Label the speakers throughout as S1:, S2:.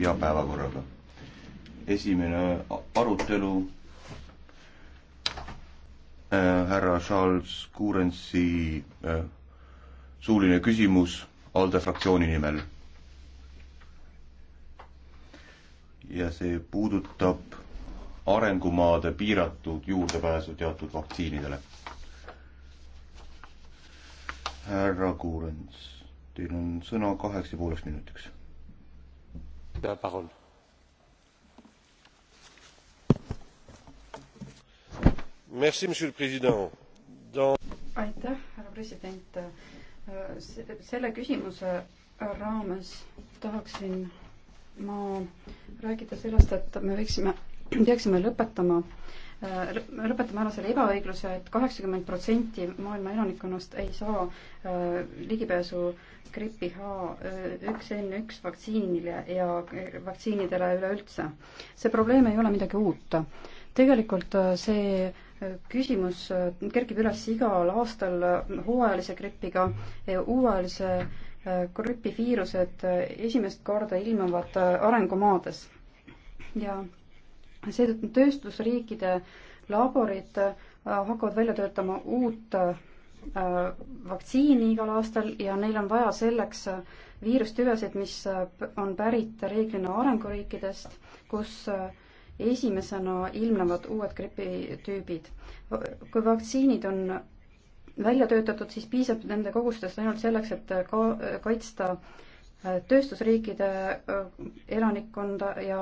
S1: ja päevakorraga. esimene arutelu äh, härra Charles Kurensi äh, suuline küsimus ALDE fraktsiooni nimel. ja see puudutab arengumaade piiratud juurdepääsu teatud vaktsiinidele. härra Kuurens, teil on sõna kaheks ja pooleks minutiks la parole. Merci, monsieur le président. Dans...
S2: aitäh, härra president. selle küsimuse raames tahaksin ma rääkida sellest, et me võiksime peaksime lõpetama äh, lõpetame ära selle ebaõigluse et, et kaheksakümmend protsenti maailma elanikkonnast ei saa äh, ligipääsu gripi H1N1 vaktsiinile ja äh, vaktsiinidele üleüldse. see probleem ei ole midagi uut. tegelikult see küsimus kerkib üles igal aastal hooajalise gripiga, uuajalise gripiviirused esimest korda ilmuvad arengumaades ja seetõttu tööstusriikide laborid äh, hakkavad välja töötama uut äh, vaktsiini igal aastal ja neil on vaja selleks äh, viirustüvesid, mis on pärit reeglina arenguriikidest, kus esimesena ilmnevad uued gripitüübid. kui vaktsiinid on välja töötatud, siis piisab nende kogustest ainult selleks, et ka kaitsta äh, tööstusriikide äh, elanikkonda ja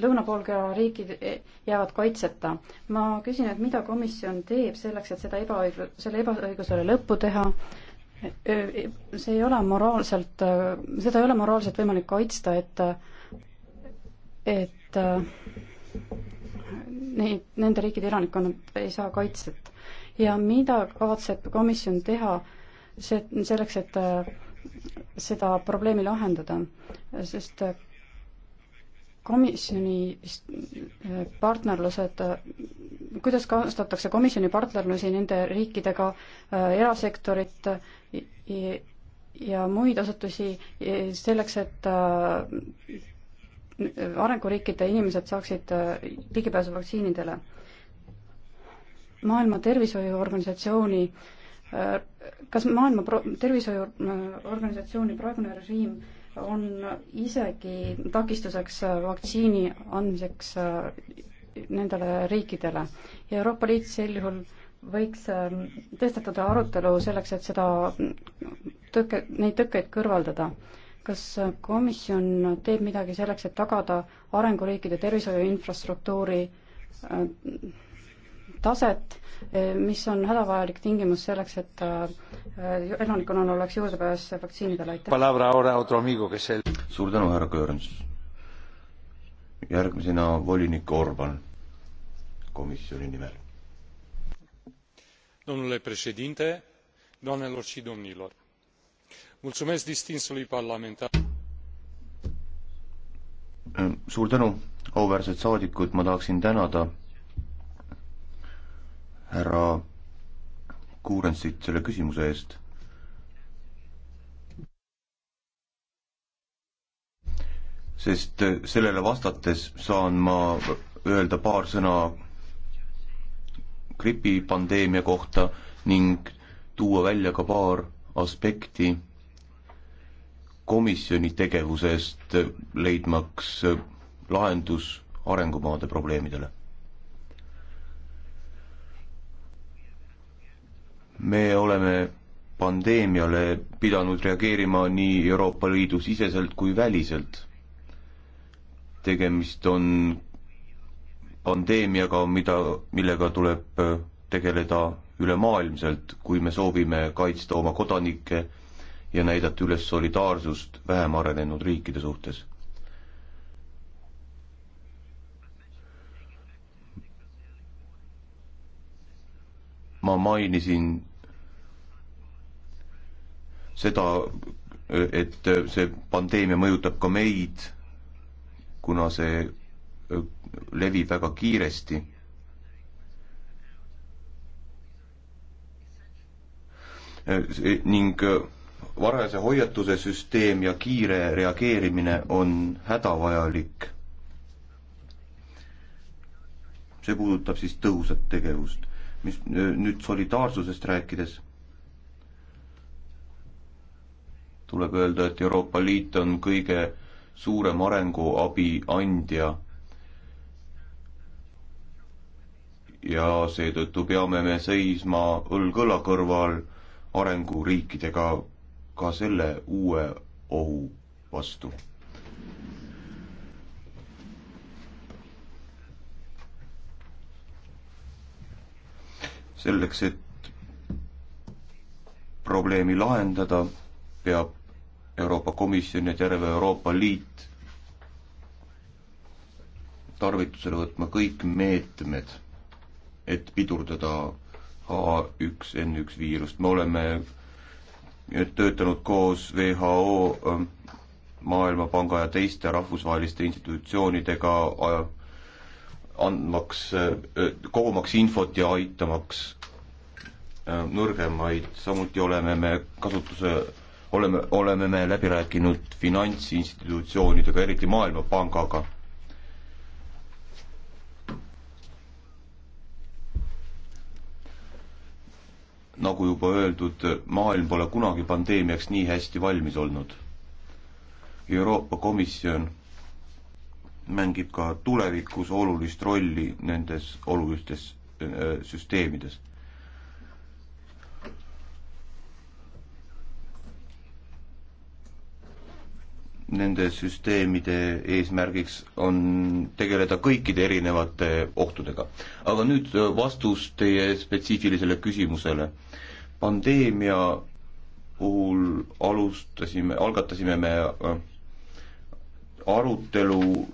S2: lõunapoolkera riikid e, jäävad kaitseta. ma küsin, et mida komisjon teeb selleks, et seda ebaõiglu-, selle ebaõiglusele lõppu teha, äh, e, see ei ole moraalselt, äh, seda ei ole moraalselt võimalik kaitsta, et et neid, nende riikide elanikkonnad ei saa kaitset. ja mida kavatseb komisjon teha see, selleks, et seda probleemi lahendada, sest komisjoni partnerlused, kuidas kasutatakse komisjoni partnerlusi nende riikidega, erasektorit ja muid asutusi selleks, et äh, arenguriikide inimesed saaksid äh, ligipääsu vaktsiinidele. maailma Tervishoiuorganisatsiooni äh, Äh, kas Maailma Tervishoiuorganisatsiooni praegune režiim on isegi takistuseks äh, vaktsiini andmiseks äh, nendele riikidele ja Euroopa Liit sel juhul võiks tõstatada arutelu selleks, et seda mm, tõke, neid tõkkeid kõrvaldada. kas komisjon teeb midagi selleks, et tagada arenguriikide tervishoiu infrastruktuuri taset Eh, mis on hädavajalik tingimus selleks, et eh, elanikkonnal oleks juurdepääs vaktsiinidele,
S1: aitäh. suur tänu, härra Kõõrns. järgmisena volinik Orban komisjoni nimel. domnule președinte, doamnelor și domnilor, mulțumesc distinsului parlamentar. suur tänu, auväärsed saadikud, ma tahaksin tänada härra Kuurensit selle küsimuse eest. sest äh, sellele vastates saan ma öelda paar sõna gripipandeemia kohta ning tuua välja ka paar aspekti komisjoni tegevusest, leidmaks äh, lahendus arengumaade probleemidele. me oleme pandeemiale pidanud reageerima nii Euroopa Liidu siseselt kui väliselt. tegemist on pandeemiaga, mida, millega tuleb tegeleda ülemaailmselt, kui me soovime kaitsta oma kodanikke ja näidata üles solidaarsust vähem arenenud riikide suhtes. ma mainisin seda, et see pandeemia mõjutab ka meid, kuna see levib väga kiiresti. ning varajase hoiatuse süsteem ja kiire reageerimine on hädavajalik. see puudutab siis tõhusat tegevust. mis nüüd solidaarsusest rääkides tuleb öelda, et Euroopa Liit on kõige suurem arenguabi andja. ja seetõttu peame me seisma õlg õla kõrval arenguriikidega ka selle uue ohu vastu. selleks, et probleemi lahendada, peab Euroopa Komisjon ja terve Euroopa Liit tarvitusele võtma kõik meetmed, et pidurdada H1N1 viirust, me oleme töötanud koos WHO, ähm, Maailmapanga ja teiste rahvusvaheliste institutsioonidega äh, andmaks, äh, äh, kogumaks infot ja aitamaks nõrgemaid, samuti oleme me kasutuse oleme, oleme me läbi rääkinud finantsinstitutsioonidega, eriti Maailmapangaga. nagu juba öeldud, maailm pole kunagi pandeemiaks nii hästi valmis olnud. Euroopa Komisjon mängib ka tulevikus olulist rolli nendes olulistes äh, süsteemides nende süsteemide eesmärgiks on tegeleda kõikide erinevate ohtudega. aga nüüd äh, vastus teie spetsiifilisele küsimusele. pandeemia puhul alustasime, algatasime me äh, arutelu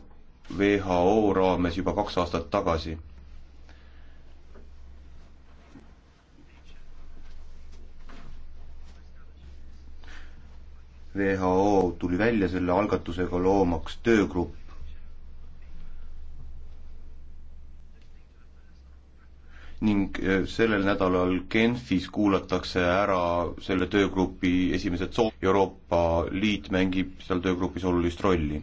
S1: WHO raames juba kaks aastat tagasi WHO tuli välja selle algatusega loomaks töögrupp. ning äh, sellel nädalal Genfis kuulatakse ära selle töögrupi esimesed soov-, Euroopa Liit mängib seal töögrupis olulist rolli.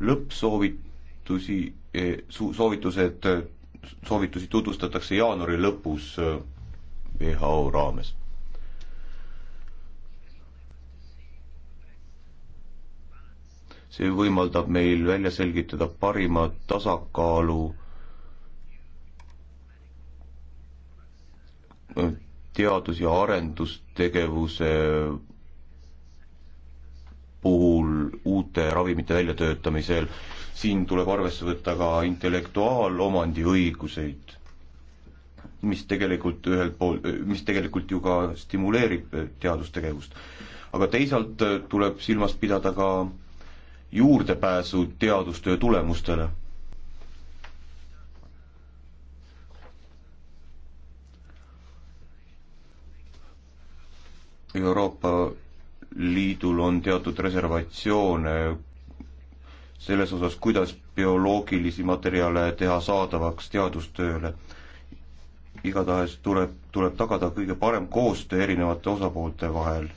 S1: lõppsoovitusi, eh, soovitused, eh, soovitusi tutvustatakse jaanuari lõpus eh, WHO raames see võimaldab meil välja selgitada parima tasakaalu äh, teadus- ja arendustegevuse puhul uute ravimite väljatöötamisel, siin tuleb arvesse võtta ka intellektuaalomandi õiguseid, mis tegelikult ühelt poolt, mis tegelikult ju ka stimuleerib teadustegevust. aga teisalt äh, tuleb silmas pidada ka juurdepääsu teadustöö tulemustele. Euroopa Liidul on teatud reservatsioone selles osas, kuidas bioloogilisi materjale teha saadavaks teadustööle. igatahes tuleb, tuleb tagada kõige parem koostöö erinevate osapoolte vahel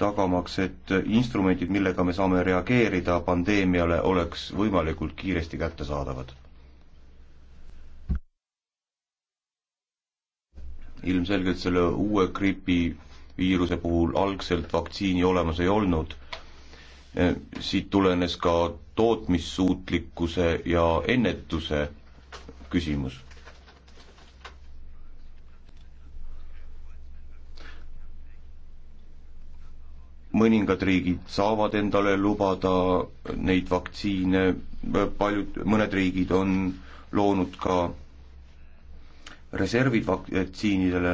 S1: tagamaks, et instrumendid, millega me saame reageerida pandeemiale, oleks võimalikult kiiresti kättesaadavad. ilmselgelt selle uue gripiviiruse puhul algselt vaktsiini olemas ei olnud. siit tulenes ka tootmissuutlikkuse ja ennetuse küsimus mõningad riigid saavad endale lubada neid vaktsiine, paljud, mõned riigid on loonud ka reservid vaktsiinidele,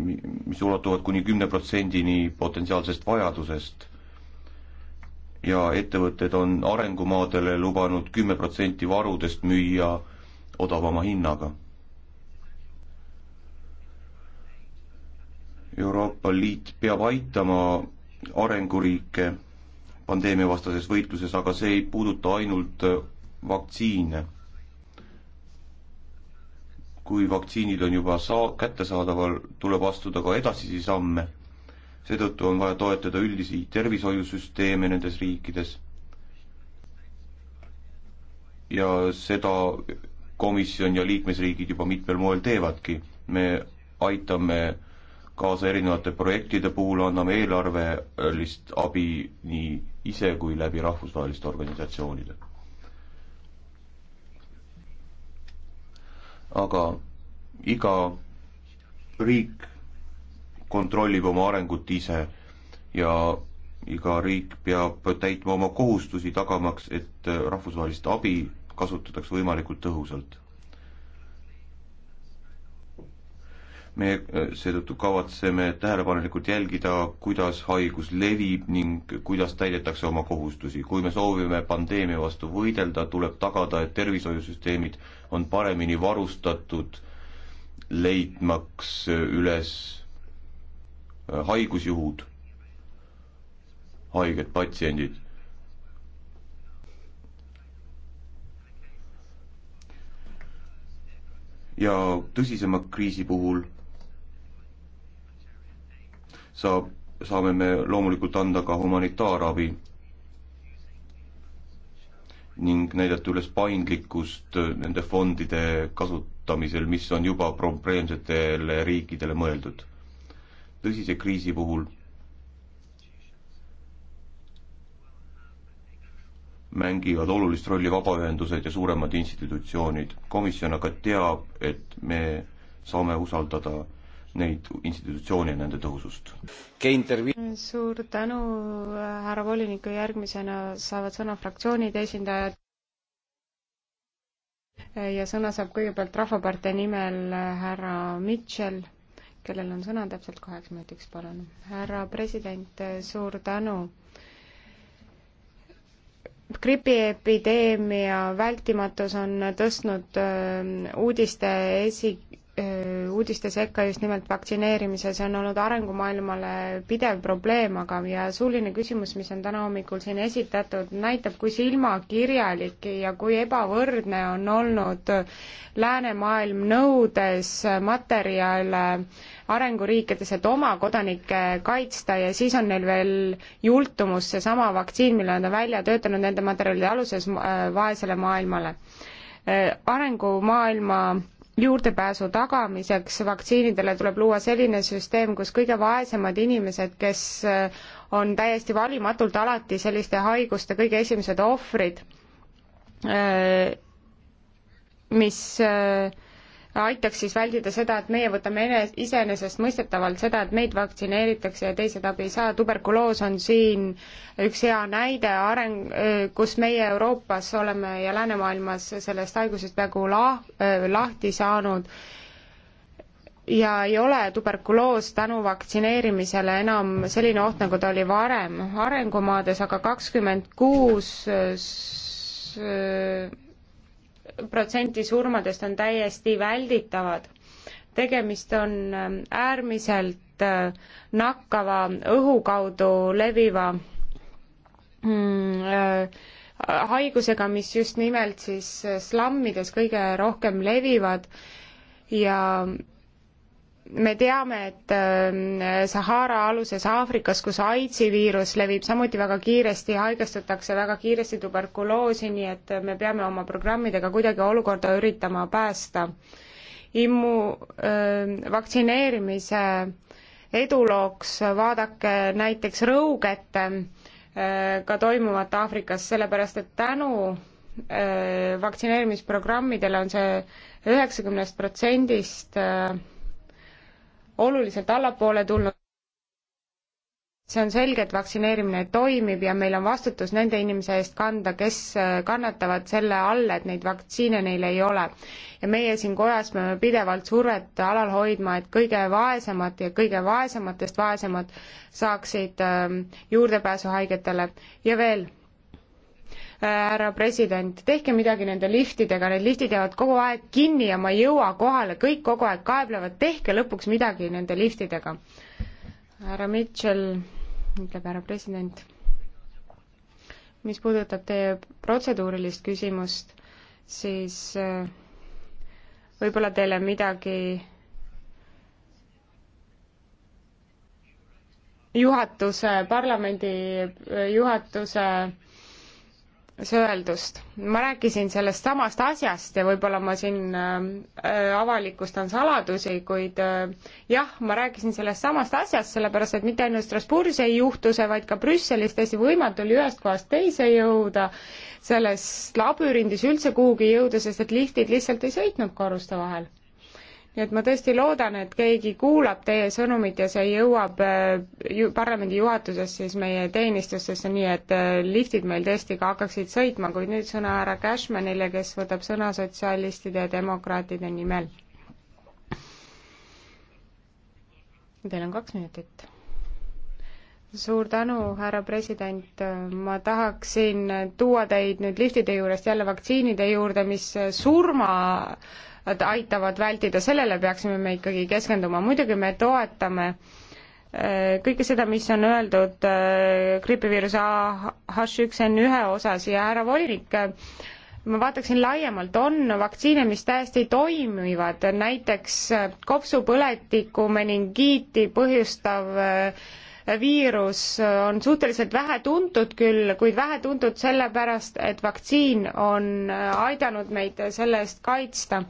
S1: mis ulatuvad kuni kümne protsendini potentsiaalsest vajadusest ja ettevõtted on arengumaadele lubanud kümme protsenti varudest müüa odavama hinnaga Euroopa Liit peab aitama arenguriike pandeemiavastases võitluses, aga see ei puuduta ainult äh, vaktsiine. kui vaktsiinid on juba saa-, kättesaadaval, tuleb astuda ka edasisi samme. seetõttu on vaja toetada üldisi tervishoiusüsteeme nendes riikides ja seda komisjon ja liikmesriigid juba mitmel moel teevadki. me aitame äh, kaasa erinevate projektide puhul anname eelarvelist abi nii ise kui läbi rahvusvaheliste organisatsioonide. aga iga riik kontrollib oma arengut ise ja iga riik peab täitma oma kohustusi, tagamaks, et rahvusvahelist abi kasutatakse võimalikult tõhusalt me äh, seetõttu kavatseme tähelepanelikult jälgida, kuidas haigus levib ning kuidas täidetakse oma kohustusi. kui me soovime pandeemia vastu võidelda, tuleb tagada, et tervishoiusüsteemid on paremini varustatud, leidmaks äh, üles äh, haigusjuhud, haiged patsiendid ja tõsisema kriisi puhul saab, saame me loomulikult anda ka humanitaarabi ning näidata üles paindlikkust nende fondide kasutamisel, mis on juba probleemsetele riikidele mõeldud. tõsise kriisi puhul mängivad olulist rolli vabaühendused ja suuremad institutsioonid. komisjon aga teab, et me saame usaldada neid institutsioone ja nende tõhusust.
S3: suur tänu, härra volinik, järgmisena saavad sõna fraktsioonide esindajad ja sõna saab kõigepealt Rahvapartei nimel härra Mitchell, kellel on sõna täpselt kaheks minutiks, palun. härra president, suur tänu. gripiepideemia vältimatus on tõstnud ähm, uudiste esi, uudiste sekka just nimelt vaktsineerimise, see on olnud arengumaailmale pidev probleem, aga ja suuline küsimus, mis on täna hommikul siin esitatud, näitab, kui silmakirjalik ja kui ebavõrdne on olnud läänemaailm nõudes materjale arenguriikides, et oma kodanikke kaitsta ja siis on neil veel jultumus seesama vaktsiin, mille nad on välja töötanud nende materjalide aluses äh, vaesele maailmale. Äh, arengumaailma juurdepääsu tagamiseks vaktsiinidele tuleb luua selline süsteem, kus kõige vaesemad inimesed, kes äh, on täiesti valimatult alati selliste haiguste kõige esimesed ohvrid, äh, mis äh, aitaks siis väldida seda, et meie võtame enes-, iseenesestmõistetavalt seda, et meid vaktsineeritakse ja teised abi ei saa, tuberkuloos on siin üks hea näide, areng, kus meie Euroopas oleme ja läänemaailmas sellest haigusest peaaegu lah-, lahti saanud ja ei ole tuberkuloos tänu vaktsineerimisele enam selline oht, nagu ta oli varem. arengumaades aga kakskümmend kuus protsenti surmadest on täiesti välditavad. tegemist on ähm, äärmiselt äh, nakkava õhu kaudu leviva mm, äh, haigusega, mis just nimelt siis äh, slammides kõige rohkem levivad ja me teame, et ähm, Sahara aluses Aafrikas, kus AIDSi viirus levib samuti väga kiiresti, haigestutakse väga kiiresti tuberkuloosi, nii et me peame oma programmidega kuidagi olukorda üritama päästa. immu-, ähm, vaktsineerimise edulooks vaadake näiteks rõugete äh, ka toimuvat Aafrikas, sellepärast et tänu äh, vaktsineerimisprogrammidele on see üheksakümnest protsendist äh, oluliselt allapoole tulnud. see on selge, et vaktsineerimine toimib ja meil on vastutus nende inimese eest kanda, kes äh, kannatavad selle all, et neid vaktsiine neil ei ole. ja meie siin kojas peame pidevalt survet alal hoidma, et kõige vaesemad ja kõige vaesematest vaesemad saaksid ähm, juurdepääsu haigetele ja veel härra president, tehke midagi nende liftidega, need liftid jäävad kogu aeg kinni ja ma ei jõua kohale, kõik kogu aeg kaeblevad, tehke lõpuks midagi nende liftidega. härra Mitchell, ütleb härra president. mis puudutab teie protseduurilist küsimust, siis äh, võib-olla teile midagi juhatuse, parlamendi äh, juhatuse öeldust. ma rääkisin sellest samast asjast ja võib-olla ma siin äh, avalikustan saladusi, kuid äh, jah, ma rääkisin sellest samast asjast, sellepärast et mitte ainult Strasbourgis ei juhtu see, vaid ka Brüsselis, tõsi, võimatu oli ühest kohast teise jõuda, selles labürindis üldse kuhugi jõuda, sest et liftid lihtsalt ei sõitnud korruste vahel nii et ma tõesti loodan, et keegi kuulab teie sõnumit ja see jõuab äh, ju, parlamendi juhatusest siis meie teenistustesse, nii et äh, liftid meil tõesti ka hakkaksid sõitma, kuid nüüd sõna härra Cashmanile, kes võtab sõna sotsialistide ja demokraatide nimel. Teil on kaks minutit suur tänu, härra president, ma tahaksin tuua teid nüüd liftide juurest jälle vaktsiinide juurde, mis surma aitavad vältida, sellele peaksime me ikkagi keskenduma, muidugi me toetame äh, kõike seda, mis on öeldud äh, gripiviiruse H1N1 osas ja härra volinik, äh, ma vaataksin laiemalt, on vaktsiine, mis täiesti toimivad, näiteks kopsupõletikku, meningiiti põhjustav äh, viirus on suhteliselt vähe tuntud küll, kuid vähe tuntud sellepärast, et vaktsiin on aidanud meid selle eest kaitsta.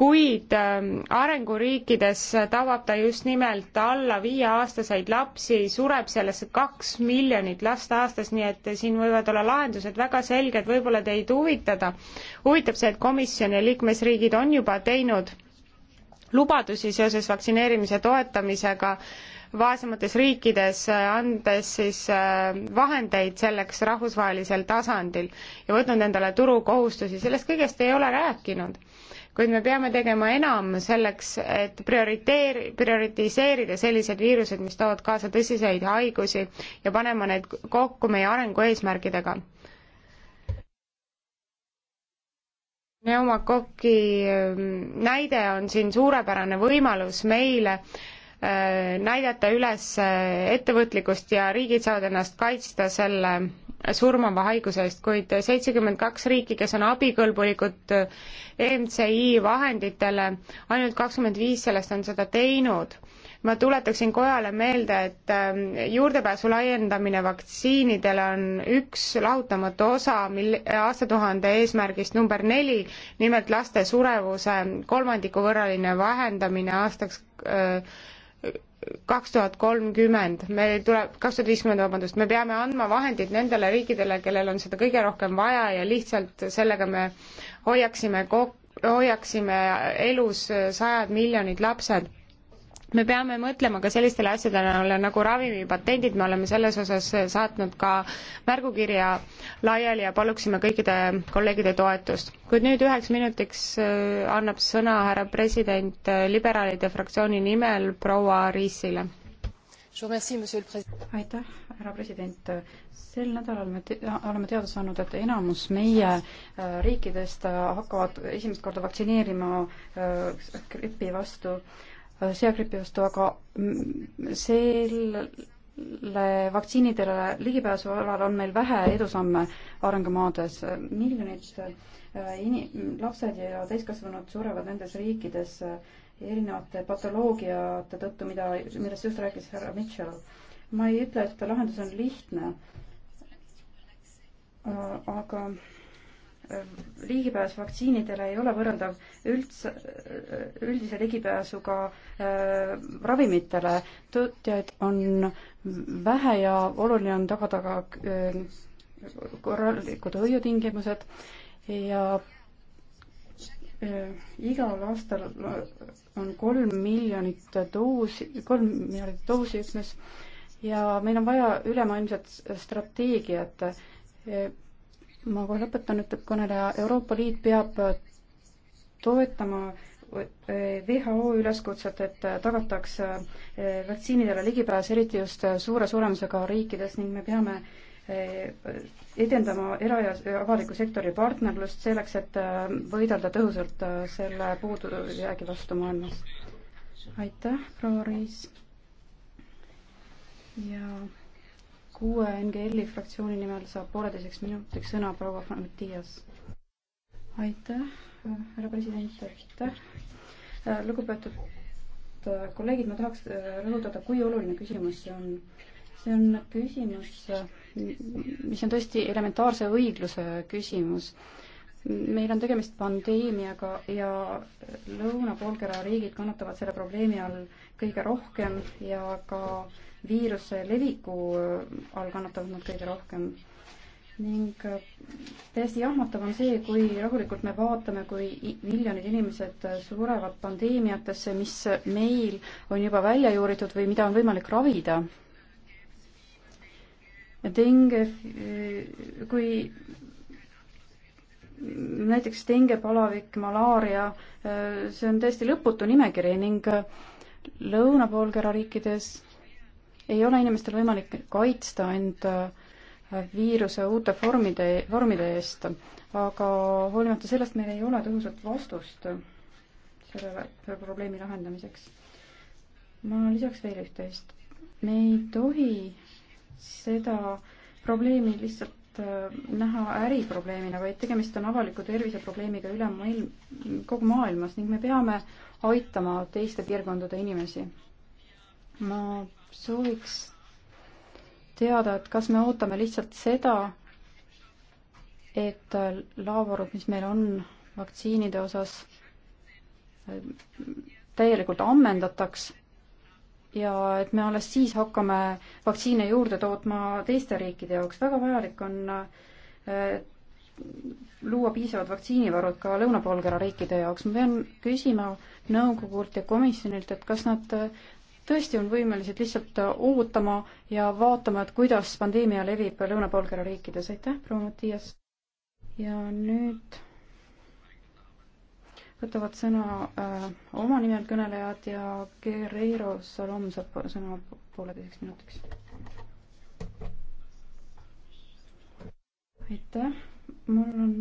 S3: kuid ähm, arenguriikides tabab ta just nimelt alla viieaastaseid lapsi, sureb sellesse kaks miljonit last aastas, nii et siin võivad olla lahendused väga selged, võib-olla teid huvitada. huvitab see, et komisjon ja liikmesriigid on juba teinud lubadusi seoses vaktsineerimise toetamisega äh, vaesemates riikides, äh, andes siis äh, vahendeid selleks rahvusvahelisel tasandil ja võtnud endale turukohustusi, sellest kõigest ei ole rääkinud. kuid me peame tegema enam selleks, et prioriteer-, prioritiseerida sellised viirused, mis toovad kaasa tõsiseid haigusi ja panema need kokku meie arengueesmärgidega pneumokoki ähm, näide on siin suurepärane võimalus meile, Äh, näidata üles äh, ettevõtlikkust ja riigid saavad ennast kaitsta selle surmava haiguse eest, kuid seitsekümmend kaks riiki, kes on abikõlbulikud EMCI äh, vahenditele, ainult kakskümmend viis sellest on seda teinud. ma tuletaksin kojale meelde, et juurdepääsu laiendamine vaktsiinidele on üks lahutamatu osa mil-, aastatuhande eesmärgist number neli, nimelt laste surevuse kolmandiku võrraline vähendamine aastaks öö, kaks tuhat kolmkümmend, meil tuleb, kaks tuhat viiskümmend, vabandust, me peame andma vahendid nendele riikidele, kellel on seda kõige rohkem vaja ja lihtsalt sellega me hoiaksime kok-, hoiaksime elus sajad miljonid lapsed me peame mõtlema ka sellistele asjadele nagu ravimipatendid, me oleme selles osas saatnud ka märgukirja laiali ja paluksime kõikide kolleegide toetust. kuid nüüd üheks minutiks äh, annab sõna härra president äh, liberaalide fraktsiooni nimel proua Riisile
S2: aitäh, härra president. sel nädalal me te oleme teada saanud, et enamus meie äh, riikidest hakkavad esimest korda vaktsineerima gripi vastu seagripi vastu, aga selle vaktsiinidele ligipääsu alal on meil vähe edusamme arengumaades. miljonid äh, ini-, lapsed ja täiskasvanud surevad nendes riikides äh, erinevate patoloogiate tõttu, mida, millest just rääkis härra Mitchell. ma ei ütle, et lahendus on lihtne, äh, aga ligipääs vaktsiinidele ei ole võrreldav üldse, üldise ligipääsuga äh, ravimitele. töötajaid on vähe ja oluline on tagada ka äh, korralikud hoiutingimused ja äh, igal aastal on kolm miljonit doosi, kolm miljonit doosi üksnes ja meil on vaja ülemaailmset strateegiat äh, ma kohe lõpetan, ütleb kõneleja, Euroopa Liit peab toetama WHO üleskutset, et tagataks vaktsiinidele ligipääs, eriti just suure suremusega riikides ning me peame edendama era- ja avaliku sektori partnerlust selleks, et võidelda tõhusalt selle puudujäägi vastu maailmas. aitäh, proua Riis. ja kuue NGL-i fraktsiooni nimel saab pooleteiseks minutiks sõna proua Matias. aitäh, härra president, aitäh. lugupeetud äh, kolleegid, ma tahaks äh, rõhutada, kui oluline küsimus see on. see on küsimus, mis on tõesti elementaarse õigluse küsimus meil on tegemist pandeemiaga ja lõuna poolkera riigid kannatavad selle probleemi all kõige rohkem ja ka viiruse leviku äh, all kannatavad nad kõige rohkem. ning äh, täiesti jahmatav on see, kui rahulikult me vaatame, kui miljonid inimesed äh, surevad pandeemiatesse, mis meil on juba välja juuritud või mida on võimalik ravida. Denge, kui näiteks denge, palavik, malaaria, see on täiesti lõputu nimekiri ning lõunapoolkera riikides ei ole inimestel võimalik kaitsta end äh, viiruse uute formide, vormide eest, aga hoolimata sellest meil ei ole tõhusat vastust sellele probleemi lahendamiseks. ma lisaks veel üht-teist. me ei tohi seda probleemi lihtsalt äh, näha äriprobleemina, vaid tegemist on avaliku terviseprobleemiga üle maailm, kogu maailmas ning me peame aitama teiste piirkondade inimesi. ma sooviks teada, et kas me ootame lihtsalt seda, et laovarud, mis meil on vaktsiinide osas, täielikult ammendataks ja et me alles siis hakkame vaktsiine juurde tootma teiste riikide jaoks. väga vajalik on eh, luua piisavad vaktsiinivarud ka lõunapoolkera riikide jaoks. ma pean küsima nõukogult ja komisjonilt, et kas nad tõesti on võimelised lihtsalt ootama ja vaatama, et kuidas pandeemia levib lõunapoolkera riikides. aitäh, proua Mattias! ja nüüd võtavad sõna äh, oma nimel kõnelejad ja Guerreiro Salom saab sõna pooleteiseks minutiks. aitäh, mul on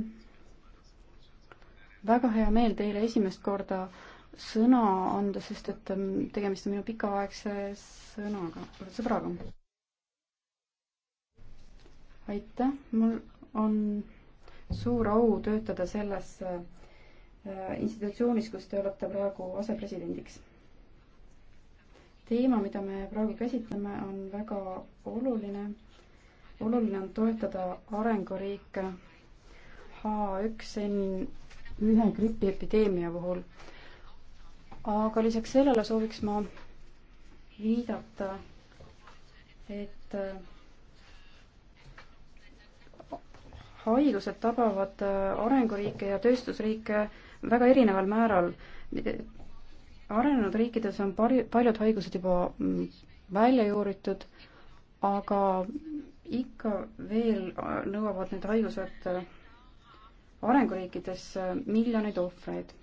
S2: väga hea meel teile esimest korda äh, sõna anda, sest et ähm, tegemist on minu pikaaegse sõnaga, sõbraga. aitäh, mul on suur au töötada selles äh, institutsioonis, kus te olete praegu asepresidendiks. teema, mida me praegu käsitleme, on väga oluline. oluline on toetada arenguriike H1N1 gripiepideemia puhul aga lisaks sellele sooviks ma viidata, et äh, haigused tabavad äh, arenguriike ja tööstusriike väga erineval määral. arenenud riikides on pari-, paljud haigused juba mm, välja juuritud, aga ikka veel äh, nõuavad need haigused arenguriikides miljoneid ohvreid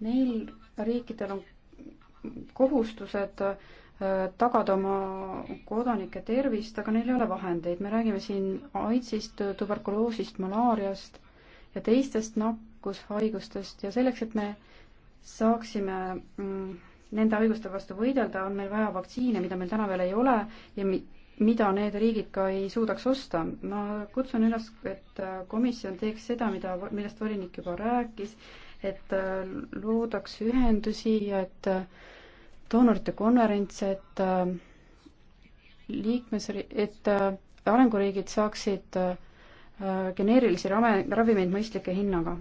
S2: Neil riikidel on kohustused äh, tagada oma kodanike tervist, aga neil ei ole vahendeid. me räägime siin AIDS-ist, tuberkuloosist, malaariast ja teistest nakkushaigustest ja selleks, et me saaksime mm, nende haiguste vastu võidelda, on meil vaja vaktsiine, mida meil täna veel ei ole ja mida need riigid ka ei suudaks osta. ma kutsun üles, et komisjon teeks seda, mida, millest volinik juba rääkis, et äh, loodaks ühendusi ja et äh, doonorite konverents, et äh, liikmesri-, et arenguriigid saaksid geneerilisi rame-, ravimeid mõistlike hinnaga.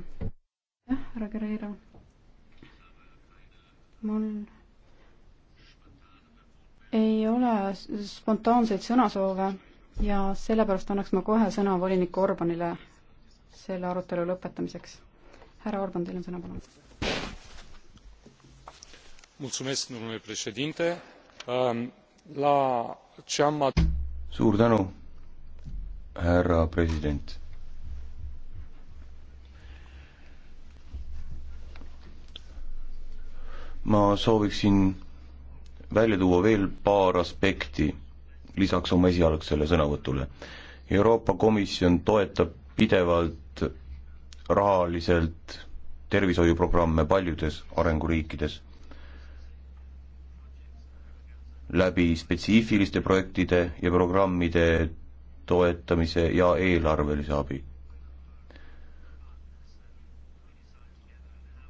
S2: jah, härra Guerreiro? mul ei ole spontaanseid sõnasoove ja sellepärast annaks ma kohe sõna volinik Orbanile selle arutelu lõpetamiseks. härra Orban, teil on sõna, palun.
S1: suur tänu, härra president. ma sooviksin välja tuua veel paar aspekti lisaks oma esialgsele sõnavõtule. Euroopa Komisjon toetab pidevalt rahaliselt tervishoiuprogramme paljudes arenguriikides läbi spetsiifiliste projektide ja programmide toetamise ja eelarvelise abi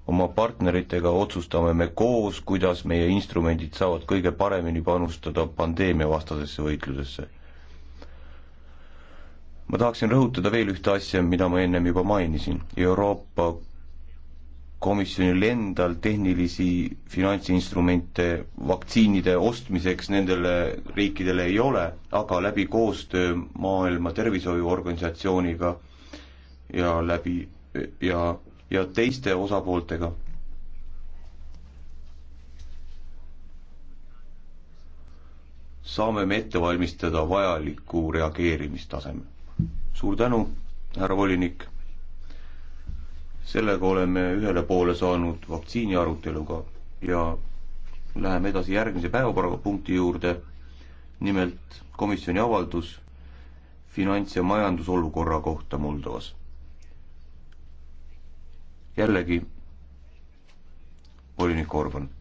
S1: oma partneritega otsustame me koos, kuidas meie instrumendid saavad kõige paremini panustada pandeemiavastasesse võitlusesse. ma tahaksin rõhutada veel ühte asja, mida ma ennem juba mainisin, Euroopa Komisjonil endal tehnilisi finantsinstrumente vaktsiinide ostmiseks nendele riikidele ei ole, aga läbi koostöö Maailma Tervishoiuorganisatsiooniga ja läbi ja ja teiste osapooltega. saame me ette valmistada vajaliku reageerimistaseme. suur tänu, härra volinik. sellega oleme ühele poole saanud vaktsiini aruteluga ja läheme edasi järgmise päevakorrapunkti juurde. nimelt komisjoni avaldus finants- ja majandusolukorra kohta Moldovas jällegi volinik Orban